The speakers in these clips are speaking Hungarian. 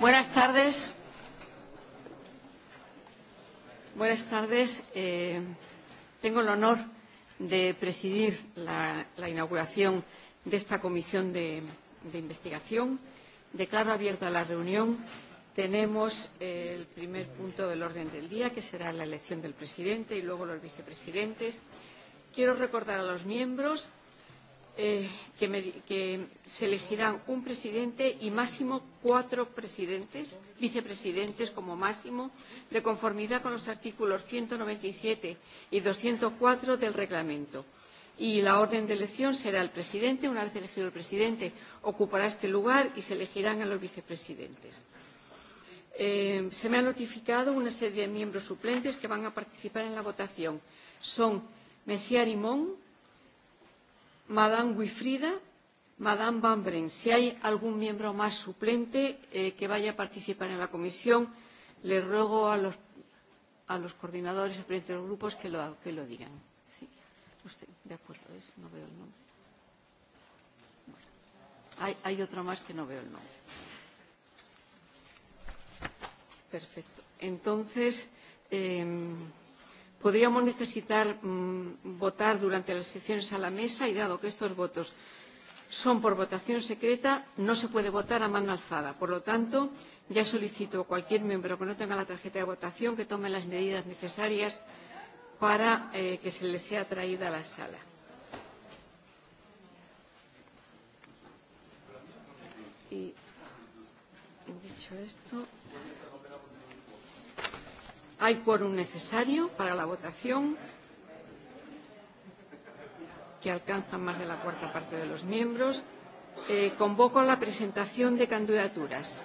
Buenas tardes. Buenas tardes. Eh, tengo el honor de presidir la, la inauguración de esta comisión de, de investigación. Declaro abierta la reunión. Tenemos eh, el primer punto del orden del día, que será la elección del presidente y luego los vicepresidentes. Quiero recordar a los miembros eh, que, me, que se elegirán un presidente y máximo cuatro presidentes, vicepresidentes como máximo, de conformidad con los artículos 197 y 204 del reglamento. Y la orden de elección será el presidente. Una vez elegido el presidente, ocupará este lugar y se elegirán a los vicepresidentes. Eh, se me ha notificado una serie de miembros suplentes que van a participar en la votación. Son Messier Imón, Madame Guifrida, Madame Van Bren. Si hay algún miembro más suplente eh, que vaya a participar en la comisión, le ruego a los, a los coordinadores y presidentes de los grupos que lo, que lo digan. Sí. Usted, de acuerdo, es, no veo el nombre. Bueno, hay, hay otro más que no veo el nombre. Perfecto. Entonces, eh, podríamos necesitar mm, votar durante las sesiones a la mesa y dado que estos votos son por votación secreta, no se puede votar a mano alzada. Por lo tanto, ya solicito a cualquier miembro que no tenga la tarjeta de votación que tome las medidas necesarias para eh, que se le sea traída a la sala. Y dicho esto. Hay quórum necesario para la votación, que alcanza más de la cuarta parte de los miembros. Eh, convoco a la presentación de candidaturas.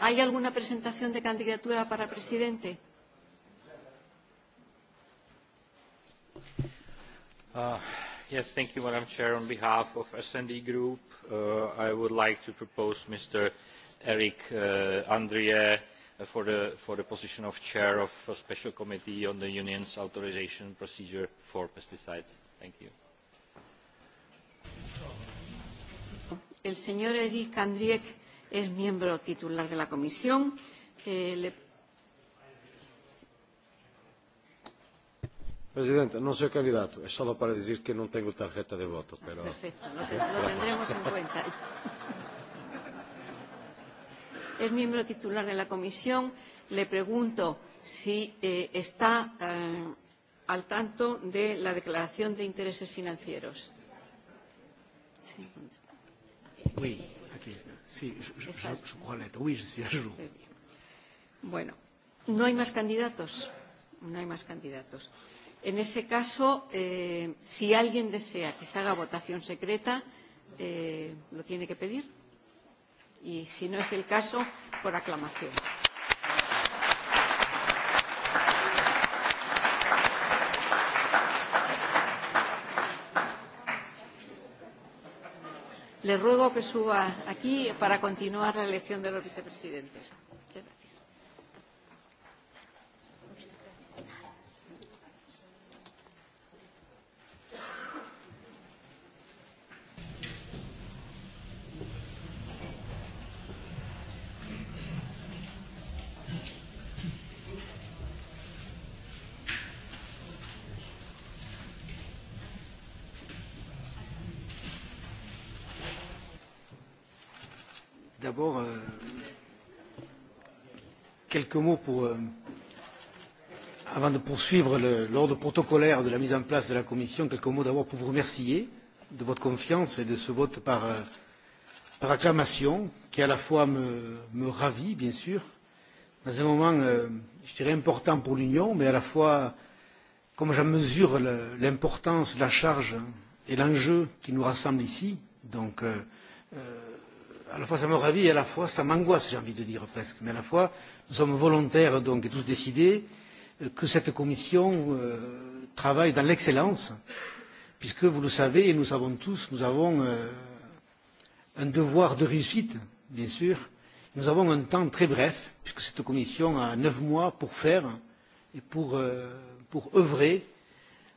¿Hay alguna presentación de candidatura para presidente? Uh, yes, thank you, Madam Chair. On behalf of S&D Group, uh, I would like to propose Mr. Eric uh, Andrieu Uh, for the, for the position of chair of a special committee on the union's authorisation procedure for pesticides. Thank you. El señor Eric Andriek es miembro titular de la comisión. Eh, le... Presidente, non soy candidato, es solo para decir que non tengo tarjeta de voto. Ah, pero... Perfecto, lo, lo tendremos en cuenta es miembro titular de la comisión, le pregunto si eh, está eh, al tanto de la declaración de intereses financieros. Sí, oui, aquí está. Sí, je, je, Oui, je suis à Bueno, no hay más candidatos. No hay más candidatos. En ese caso, eh, si alguien desea que se haga votación secreta, eh, lo tiene que pedir y, si no es el caso, por aclamación. Le ruego que suba aquí para continuar la elección de los vicepresidentes. quelques mots pour, euh, avant de poursuivre l'ordre protocolaire de la mise en place de la commission, quelques mots d'abord pour vous remercier de votre confiance et de ce vote par, euh, par acclamation qui à la fois me, me ravit, bien sûr, dans un moment, euh, je dirais, important pour l'Union, mais à la fois, comme j'en mesure l'importance, la charge et l'enjeu qui nous rassemble ici, donc euh, à la fois ça me ravit et à la fois ça m'angoisse, j'ai envie de dire presque. Mais à la fois, nous sommes volontaires donc et tous décidés euh, que cette commission euh, travaille dans l'excellence, puisque vous le savez et nous savons tous, nous avons euh, un devoir de réussite, bien sûr. Nous avons un temps très bref, puisque cette commission a neuf mois pour faire et pour, euh, pour œuvrer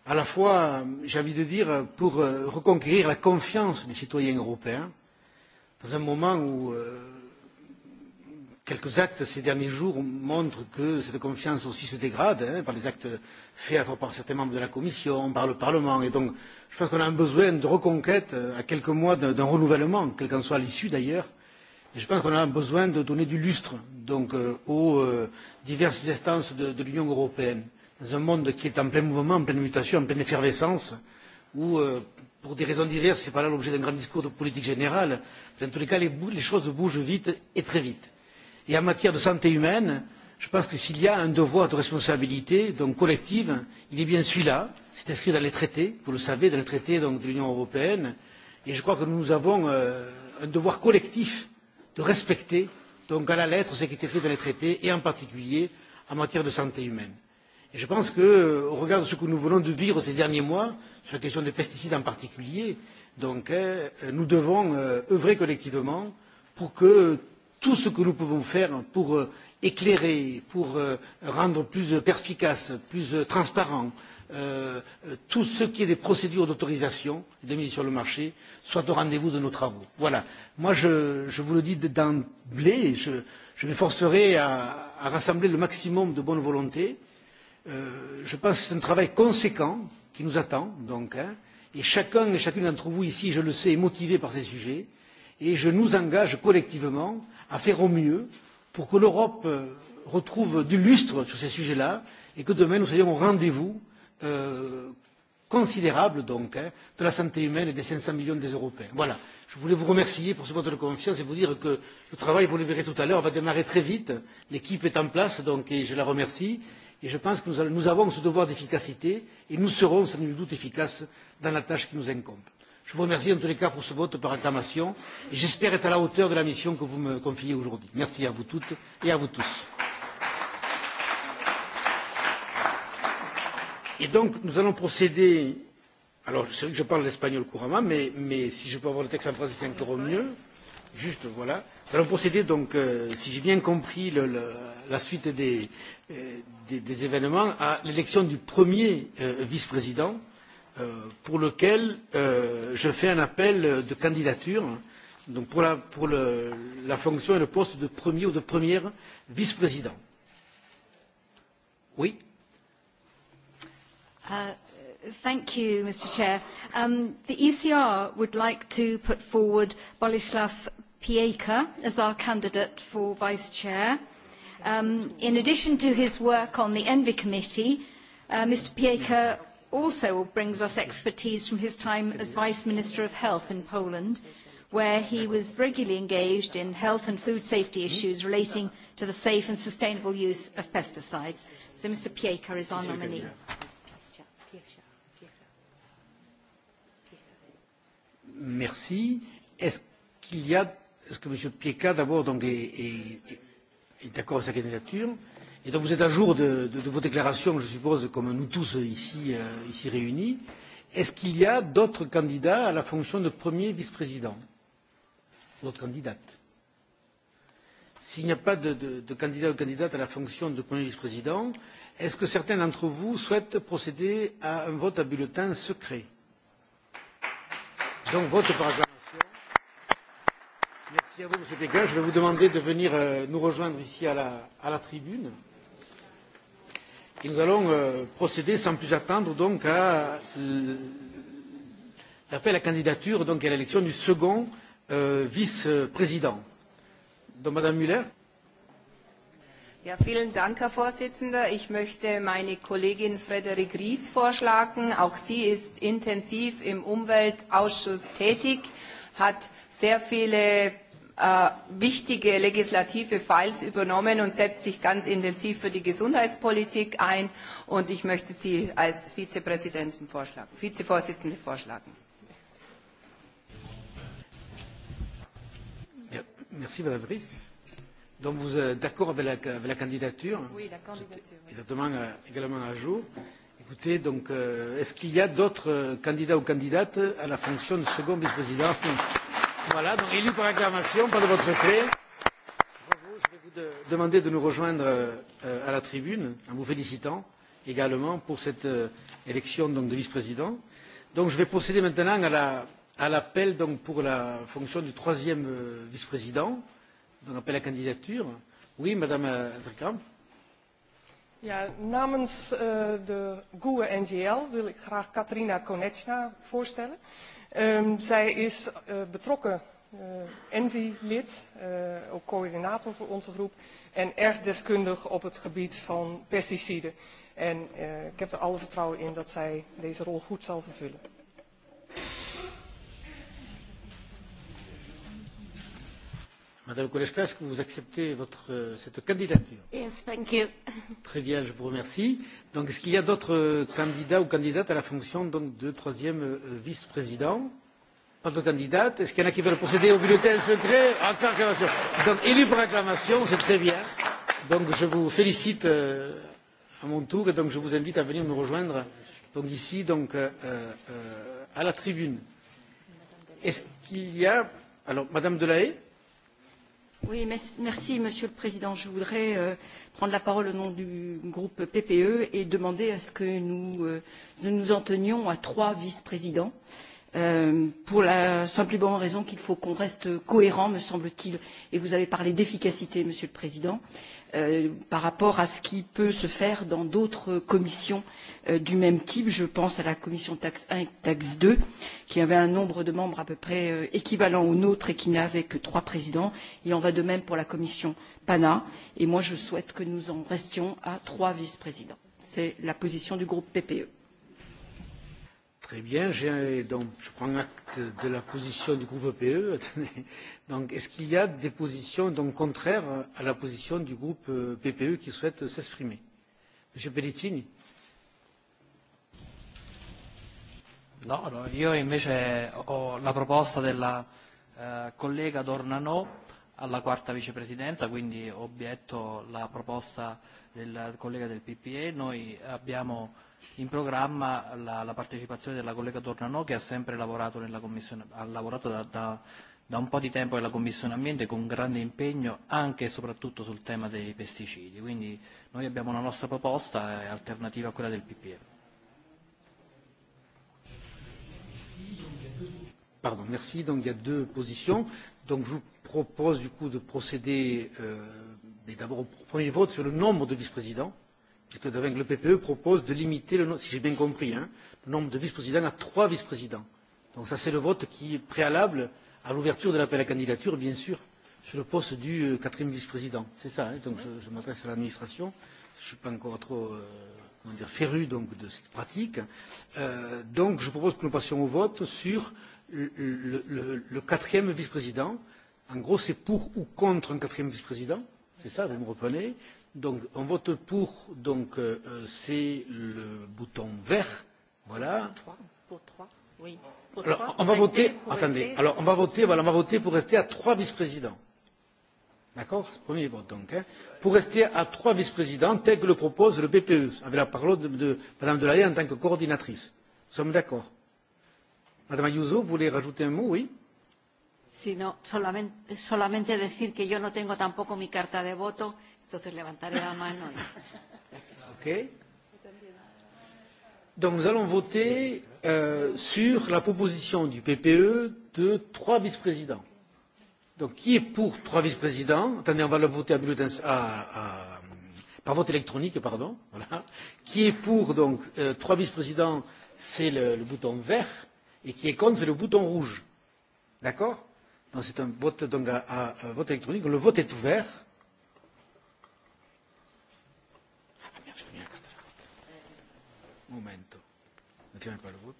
à la fois, j'ai envie de dire, pour euh, reconquérir la confiance des citoyens européens, dans un moment où euh, quelques actes ces derniers jours montrent que cette confiance aussi se dégrade hein, par les actes faits à la fois par certains membres de la Commission, par le Parlement. Et donc, je pense qu'on a un besoin de reconquête euh, à quelques mois d'un renouvellement, quelle qu'en soit l'issue d'ailleurs. Et je pense qu'on a besoin de donner du lustre donc, euh, aux euh, diverses instances de, de l'Union européenne, dans un monde qui est en plein mouvement, en pleine mutation, en pleine effervescence. Euh, ou euh, pour des raisons diverses, ce n'est pas là l'objet d'un grand discours de politique générale, mais en tous les cas, les, les choses bougent vite et très vite. Et en matière de santé humaine, je pense que s'il y a un devoir de responsabilité donc collective, il est bien celui-là. C'est inscrit dans les traités, vous le savez, dans les traités donc, de l'Union européenne. Et je crois que nous avons euh, un devoir collectif de respecter donc à la lettre ce qui est écrit dans les traités et en particulier en matière de santé humaine. Et je pense que, au regard de ce que nous venons de vivre ces derniers mois, sur la question des pesticides en particulier, donc, euh, nous devons euh, œuvrer collectivement pour que tout ce que nous pouvons faire pour euh, éclairer, pour euh, rendre plus perspicace, plus euh, transparent, euh, tout ce qui est des procédures d'autorisation de mise sur le marché soit au rendez-vous de nos travaux. Voilà. Moi, je, je vous le dis d'emblée, je, je m'efforcerai à, à rassembler le maximum de bonne volonté euh, Euh, je pense que c'est un travail conséquent qui nous attend, donc, hein, et chacun et chacune d'entre vous ici, je le sais, est motivé par ces sujets, et je nous engage collectivement à faire au mieux pour que l'Europe euh, retrouve du lustre sur ces sujets-là et que demain nous soyons au rendez-vous euh, considérable donc, hein, de la santé humaine et des 500 millions des Européens. Voilà. Je voulais vous remercier pour ce vote de confiance et vous dire que le travail, vous le verrez tout à l'heure, va démarrer très vite. L'équipe est en place donc, et je la remercie. Et je pense que nous avons ce devoir d'efficacité et nous serons sans nul doute efficaces dans la tâche qui nous incombe. Je vous remercie en tous les cas pour ce vote par acclamation et j'espère être à la hauteur de la mission que vous me confiez aujourd'hui. Merci à vous toutes et à vous tous. Et donc, nous allons procéder. Alors, je sais que je parle l'espagnol couramment, mais, mais si je peux avoir le texte en français, c'est encore mieux juste, voilà. Nous allons procéder donc, euh, si j'ai bien compris le, le, la suite des, euh, des, des événements, à l'élection du premier euh, vice-président, euh, pour lequel euh, je fais un appel de candidature donc pour, la, pour le, la fonction et le poste de premier ou de première vice-président. Oui. Uh, thank you, Mr. Chair. Um, the ECR would like to put forward Bolislav Pieka as our candidate for Vice Chair. Um, in addition to his work on the Envy Committee, uh, Mr Pieka also brings us expertise from his time as Vice Minister of Health in Poland, where he was regularly engaged in health and food safety issues relating to the safe and sustainable use of pesticides. So Mr Pieka is our nominee. Merci. Est-ce qu'il y a est ce que M. Pieka d'abord donc est, est, est d'accord avec sa candidature. Et donc vous êtes à jour de, de, de vos déclarations, je suppose, comme nous tous ici, euh, ici réunis. Est-ce qu'il y a d'autres candidats à la fonction de premier vice-président D'autres candidates S'il n'y a pas de, de, de candidat ou candidate à la fonction de premier vice-président, est-ce que certains d'entre vous souhaitent procéder à un vote à bulletin secret Donc vote par acclamation. Merci à vous, Monsieur Pékin. Je vais vous demander de venir euh, nous rejoindre ici à la, à la tribune. Et nous allons euh, procéder sans plus attendre donc à euh, l'appel à candidature donc à l'élection du second euh, vice-président. Donc Madame Müller. Ja, vielen Dank, Herr Vorsitzender. Ich möchte meine Kollegin Frederik Ries vorschlagen. Auch sie ist intensiv im Umweltausschuss tätig, hat sehr viele Äh, wichtige legislative Files übernommen und setzt sich ganz intensiv für die Gesundheitspolitik ein. Und ich möchte Sie als Vizepräsidentin vorschlagen, Vizevorsitzende vorschlagen. Merci Madame Ries. Donc vous êtes d'accord avec avec la candidature Oui, la candidature. Oui. Euh, également à jour. Écoutez, donc, euh, est-ce qu'il y a d'autres euh, candidats ou candidates à la fonction de second vice-président Voilà, donc élu par acclamation, pas de vote secret. Bravo, je vais vous de, demander de nous rejoindre euh, à la tribune en vous félicitant également pour cette euh, élection donc, de vice-président. Donc je vais procéder maintenant à l'appel donc pour la fonction du troisième euh, vice-président, donc appel à candidature. Oui, Madame euh, Azerkamp. Ja, namens uh, de GUE-NGL wil ik graag Katrina Konechna voorstellen. Uh, Ehm, zij is eh, betrokken ENVI-lid, eh, eh, ook coördinator voor onze groep, en erg deskundig op het gebied van pesticiden. En ik heb er alle vertrouwen in dat zij deze rol goed zal vervullen. Madame Koleschka, est-ce que vous acceptez votre, euh, cette candidature Yes, thank you. Très bien, je vous remercie. Donc, est-ce qu'il y a d'autres euh, candidats ou candidates à la fonction donc, de troisième euh, vice-président Pas de candidates. Est-ce qu'il y en a qui veulent procéder au bulletin secret Acclamation. Donc, élu par acclamation, c'est très bien. Donc, je vous félicite euh, à mon tour et donc je vous invite à venir nous rejoindre donc, ici, donc, euh, euh, à la tribune. Est-ce qu'il y a... Alors, Madame Delahaye Monsieur le Président. Je voudrais euh, prendre la parole au nom du groupe PPE et demander à ce que euh, nous, nous en tenions à trois vice-présidents, euh, pour la simple et bonne raison qu'il faut qu'on reste cohérent, me semble-t-il, et vous avez parlé d'efficacité, Monsieur le Président. Euh, Euh, par rapport à ce qui peut se faire dans d'autres commissions euh, du même type. Je pense à la commission taxe 1 et taxe 2, qui avait un nombre de membres à peu près euh, équivalent au nôtre et qui n'avait que trois présidents. Il en va de même pour la commission PANA. Et moi, je souhaite que nous en restions à trois vice-présidents. C'est la position du groupe PPE. Très bien, donc je prends acte de la position du groupe PE. donc, est-ce qu'il y a des positions donc contraires à la position du groupe euh, PPE qui souhaite s'exprimer Monsieur Pellicini. No, no, io invece ho la proposta della eh, collega Dornanò alla quarta vicepresidenza, quindi obietto la proposta del collega del PPE. Noi abbiamo in programma la, la partecipazione della collega Dornanò che ha sempre lavorato, nella commissione, ha lavorato da, da, da un po' di tempo nella Commissione Ambiente con grande impegno anche e soprattutto sul tema dei pesticidi. Quindi noi abbiamo una nostra proposta eh, alternativa a quella del PPE. Pardon, merci. Donc il y a deux positions. Donc je vous propose du coup de procéder euh, d'abord au premier vote sur le nombre de vice-présidents, puisque avec le PPE propose de limiter, le, si j'ai bien compris, hein, le nombre de vice-présidents à trois vice-présidents. Donc ça c'est le vote qui est préalable à l'ouverture de l'appel à candidature, bien sûr, sur le poste du euh, quatrième vice-président. C'est ça, hein, donc je, je m'adresse à l'administration, je ne suis pas encore trop... Euh, comment dire, férus donc, de cette pratique. Euh, donc je propose que nous passions au vote sur le, le, le, le quatrième vice-président. En gros, c'est pour ou contre un quatrième vice-président. C'est ça, vous me reprenez. Donc on vote pour, donc euh, euh c'est le bouton vert. Voilà. Pour trois. Pour trois. Oui. Pour alors, trois, on va voter. Attendez. Rester. Alors, on va voter. Voilà, on va voter pour rester à trois vice-présidents. D'accord Premier vote donc. Hein, pour rester à trois vice-présidents tel que le propose le PPE, avec la parole de, de Mme Delahaye en tant que coordinatrice. Nous sommes d'accord Madame Ayuso, vous voulez rajouter un mot Oui Sí, no, solamente, solamente decir que yo no tengo tampoco mi carta de voto, entonces levantaré la mano. Y... Ok. Donc nous allons voter euh, sur la proposition du PPE de trois vice-présidents. Donc, qui est pour trois vice-présidents Attendez, on va le voter à bulletin, à, à, par vote électronique, pardon. Voilà. Qui est pour donc euh, trois vice-présidents C'est le, le bouton vert. Et qui est contre C'est le bouton rouge. D'accord Donc, c'est un vote, donc, à, à, à vote électronique. Le vote est ouvert. Momento. Ne fermez pas le vote.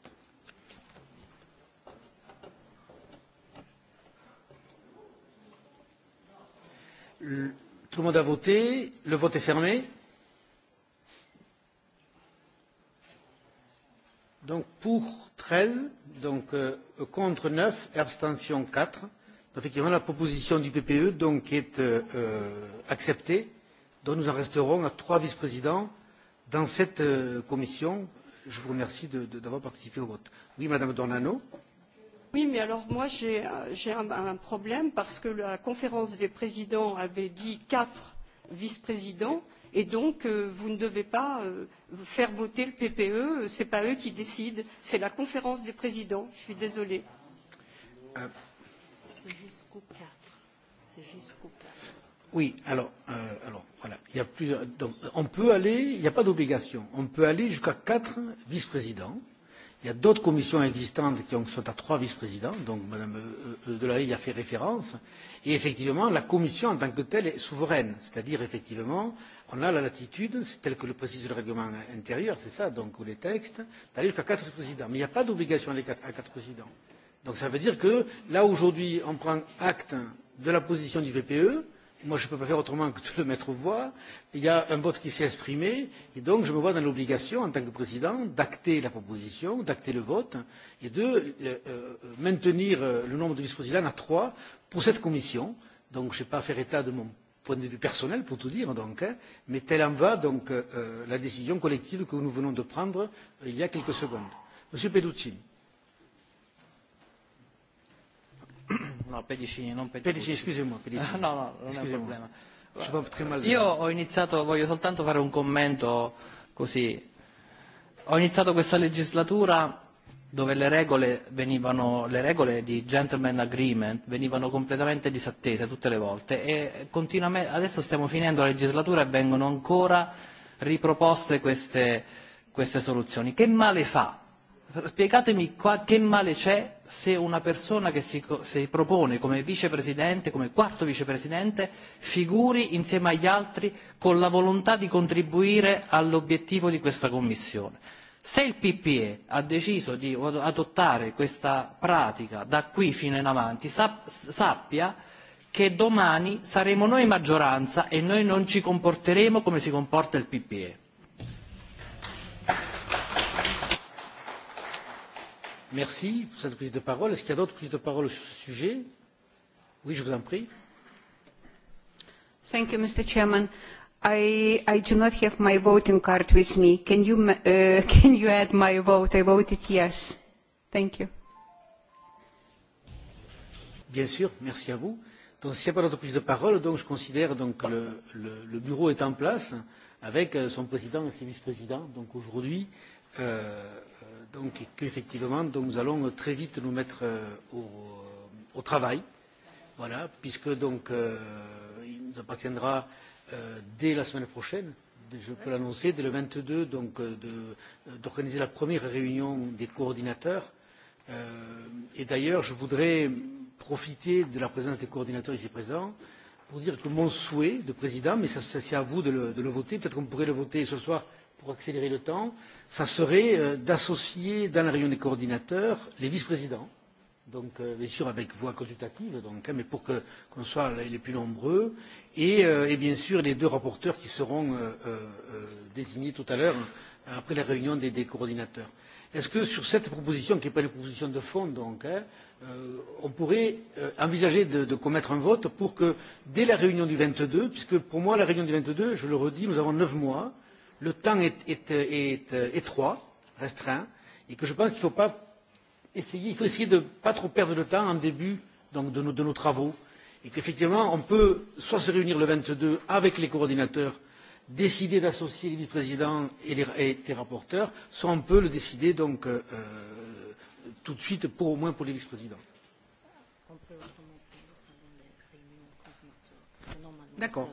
Euh, tout le monde a voté. Le vote est fermé. Donc pour 13, donc euh, contre 9 et abstention 4. Donc effectivement, la proposition du PPE donc, est euh, euh, acceptée. Donc nous en resterons à trois vice-présidents dans cette euh, commission. Je vous remercie d'avoir participé au vote. Oui, Madame Dornano. Oui, mais alors moi euh, j'ai un, un problème parce que la conférence des présidents avait dit quatre vice-présidents et donc euh, vous ne devez pas euh, faire voter le PPE, ce n'est pas eux qui décident, c'est la conférence des présidents, je suis désolée. Euh, c'est jusqu'au 4. C'est jusqu'au 4. Oui, alors, euh, alors voilà, il y a plusieurs, donc, on peut aller, il n'y a pas d'obligation, on peut aller jusqu'à quatre vice-présidents Il y a d'autres commissions existantes qui sont à trois vice-présidents, donc Mme Delahaye y a fait référence. Et effectivement, la commission en tant que telle est souveraine, c'est-à-dire effectivement, on a la latitude, c'est tel que le précise le règlement intérieur, c'est ça, donc ou les textes, d'aller jusqu'à quatre présidents. Mais il n'y a pas d'obligation à quatre présidents. Donc ça veut dire que là aujourd'hui, on prend acte de la position du PPE, Moi, je ne peux pas faire autrement que de le mettre aux voix. Il y a un vote qui s'est exprimé, et donc je me vois dans l'obligation, en tant que président, d'acter la proposition, d'acter le vote, et de euh, euh maintenir euh, le nombre de vice-présidents à trois pour cette commission. Donc, je ne vais pas faire état de mon point de vue personnel, pour tout dire, donc, hein, mais telle en va donc euh, euh, la décision collective que nous venons de prendre euh, il y a quelques secondes. Monsieur Pellucci. No, Pedicini, non Pedicini. Pedicini, No, no, non è un problema. Ci mal Io ho iniziato, voglio soltanto fare un commento così. Ho iniziato questa legislatura dove le regole, venivano, le regole di gentleman agreement venivano completamente disattese tutte le volte e continuamente, adesso stiamo finendo la legislatura e vengono ancora riproposte queste, queste soluzioni. Che male fa spiegatemi qua, che male c'è se una persona che si, si propone come vicepresidente, come quarto vicepresidente, figuri insieme agli altri con la volontà di contribuire all'obiettivo di questa Commissione. Se il PPE ha deciso di adottare questa pratica da qui fino in avanti, sappia che domani saremo noi maggioranza e noi non ci comporteremo come si comporta il PPE Merci pour cette prise de parole. Est-ce qu'il y a d'autres prises de parole sur ce sujet Oui, je vous en prie. Thank you, Mr. Chairman. I, I do not have my voting card with me. Can you, uh, can you add my vote? I voted yes. Thank you. Bien sûr, merci à vous. Donc, s'il n'y a pas d'autre prise de parole, donc, je considère donc, le, le, le bureau est en place avec euh, son président et ses vice-présidents. Donc aujourd'hui, Euh, euh, donc qu'effectivement, donc nous allons très vite nous mettre euh, au, au travail, voilà, puisque donc euh, il nous appartiendra euh, dès la semaine prochaine, je peux l'annoncer, dès le 22, donc d'organiser la première réunion des coordinateurs. Euh, et d'ailleurs, je voudrais profiter de la présence des coordinateurs ici présents pour dire que mon souhait de président, mais ça, ça c'est à vous de le, de le voter, peut-être qu'on pourrait le voter ce soir pour accélérer le temps, ça serait euh, d'associer dans la réunion des coordinateurs les vice-présidents, donc euh, bien sûr avec voix consultative, donc, mais pour qu'on qu soit les plus nombreux, et, euh, et bien sûr les deux rapporteurs qui seront euh, euh, désignés tout à l'heure après la réunion des, des coordinateurs. Est-ce que sur cette proposition, qui n'est pas une proposition de fond, donc, hein, euh, on pourrait euh, envisager de, de commettre un vote pour que, dès la réunion du 22, puisque pour moi, la réunion du 22, je le redis, nous avons neuf mois, euh, le temps est, est, est, euh, étroit, restreint, et que je pense qu'il faut pas essayer, il faut essayer de ne pas trop perdre de temps en début donc, de, nos, de nos travaux, et qu'effectivement, on peut soit se réunir le 22 avec les coordinateurs, décider d'associer les vice-présidents et les, et les rapporteurs, soit on peut le décider donc, euh, euh, tout de suite, pour, au moins pour les vice-présidents. D'accord.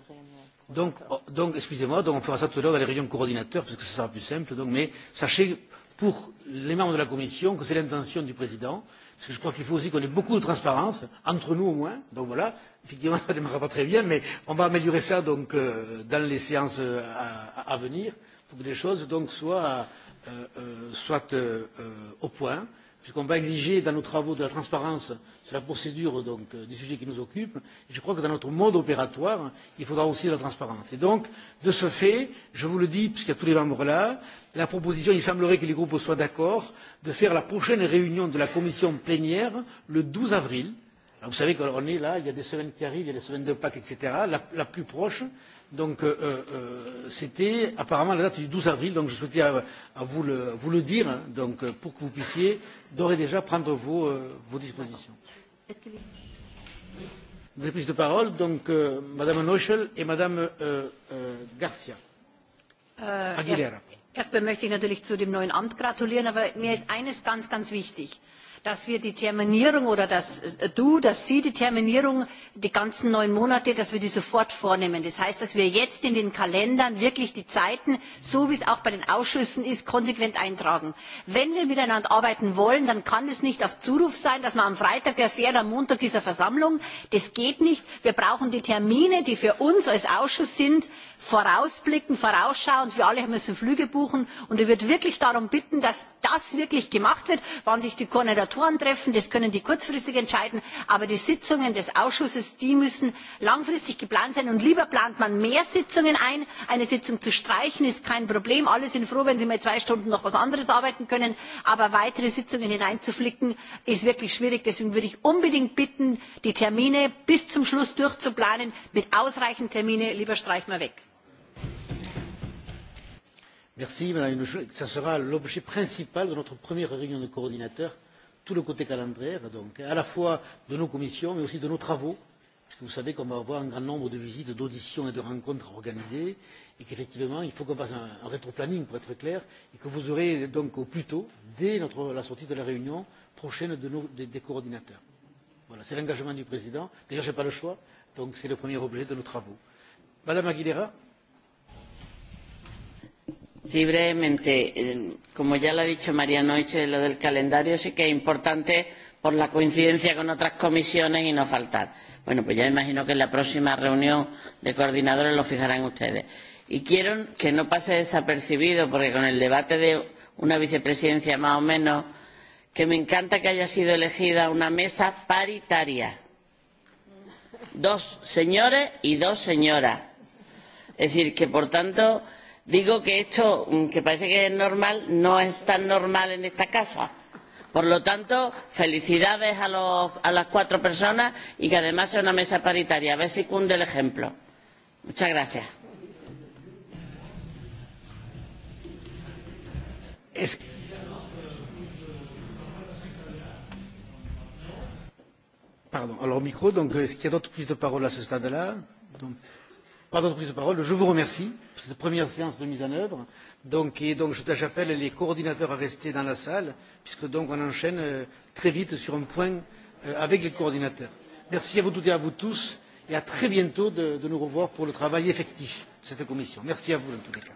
Donc, oh, donc excusez-moi, on fera ça tout à l'heure dans les réunions coordinateurs, parce que ce sera plus simple. Donc, mais sachez, pour les membres de la Commission, que c'est l'intention du Président, parce que je crois qu'il faut aussi qu'on ait beaucoup de transparence, entre nous au moins. Donc voilà, effectivement, ça ne démarrera pas très bien, mais on va améliorer ça donc, euh, dans les séances euh, à, à venir, pour que les choses donc, soient, euh, euh soient euh, euh, au point puisqu'on va exiger dans nos travaux de la transparence sur la procédure donc, euh, du sujet qui nous occupe. Et je crois que dans notre mode opératoire, il faudra aussi de la transparence. Et donc, de ce fait, je vous le dis, puisqu'il y a tous les membres là, la proposition, il semblerait que les groupes soient d'accord, de faire la prochaine réunion de la commission plénière le 12 avril, Alors vous savez qu'on est là, il y a des semaines qui arrivent, il y a des semaines de Pâques, etc. La, la plus proche, donc euh, euh, c'était apparemment la date du 12 avril, donc je souhaitais à, à vous, le, vous le dire, hein, donc euh, pour que vous puissiez d'ores et déjà prendre vos, euh, vos dispositions. Est-ce que les... Vous avez prise de parole, donc euh, Madame Nochel et Madame euh, euh, Garcia. Euh, Aguilera. Yes erstmal möchte ich natürlich zu dem neuen amt gratulieren aber mir ist eines ganz ganz wichtig dass wir die terminierung oder dass äh, du dass sie die terminierung die ganzen neun monate dass wir die sofort vornehmen. das heißt dass wir jetzt in den kalendern wirklich die zeiten so wie es auch bei den ausschüssen ist konsequent eintragen. wenn wir miteinander arbeiten wollen dann kann es nicht auf zuruf sein dass man am freitag erfährt am montag ist eine versammlung. das geht nicht. wir brauchen die termine die für uns als ausschuss sind vorausblicken vorausschauend wir alle müssen flüge buchen und ich würde wirklich darum bitten dass das wirklich gemacht wird wann sich die koordinatoren treffen das können die kurzfristig entscheiden aber die sitzungen des ausschusses die müssen langfristig geplant sein und lieber plant man mehr sitzungen ein eine sitzung zu streichen ist kein problem alle sind froh wenn sie mal zwei stunden noch etwas anderes arbeiten können aber weitere sitzungen hineinzuflicken ist wirklich schwierig deswegen würde ich unbedingt bitten die termine bis zum schluss durchzuplanen mit ausreichend terminen lieber streichen wir weg. Merci, Madame Lejeux. Ça sera l'objet principal de notre première réunion de coordinateurs, tout le côté calendaire, donc, à la fois de nos commissions, mais aussi de nos travaux, puisque vous savez qu'on va avoir un grand nombre de visites, d'auditions et de rencontres organisées, et qu'effectivement, il faut qu'on fasse un, un rétro-planning, pour être clair, et que vous aurez donc au plus tôt, dès notre, la sortie de la réunion prochaine de nos, des, des coordinateurs. Voilà, c'est l'engagement du président. D'ailleurs, je n'ai pas le choix, donc c'est le premier objet de nos travaux. Madame Aguilera Sí, brevemente. Eh, como ya lo ha dicho María Noche, lo del calendario sí que es importante por la coincidencia con otras comisiones y no faltar. Bueno, pues ya imagino que en la próxima reunión de coordinadores lo fijarán ustedes. Y quiero que no pase desapercibido, porque con el debate de una vicepresidencia más o menos, que me encanta que haya sido elegida una mesa paritaria. Dos señores y dos señoras. Es decir, que por tanto digo que esto mm, que parece que es normal no es tan normal en esta casa. por lo tanto felicidades a, los, a las cuatro personas y que además sea una mesa paritaria a ver si cunde el ejemplo. muchas gracias. Es... Pardon. Alors, micro, donc, est-ce qu'il y a d'autres prises de parole à ce stade-là donc pardon de prise de parole. Je vous remercie pour cette première séance de mise en œuvre. Donc, et donc, j'appelle les coordinateurs à rester dans la salle, puisque donc on enchaîne euh, très vite sur un point euh, avec les coordinateurs. Merci à vous toutes et à vous tous, et à très bientôt de, de nous revoir pour le travail effectif de cette commission. Merci à vous, en tous les cas.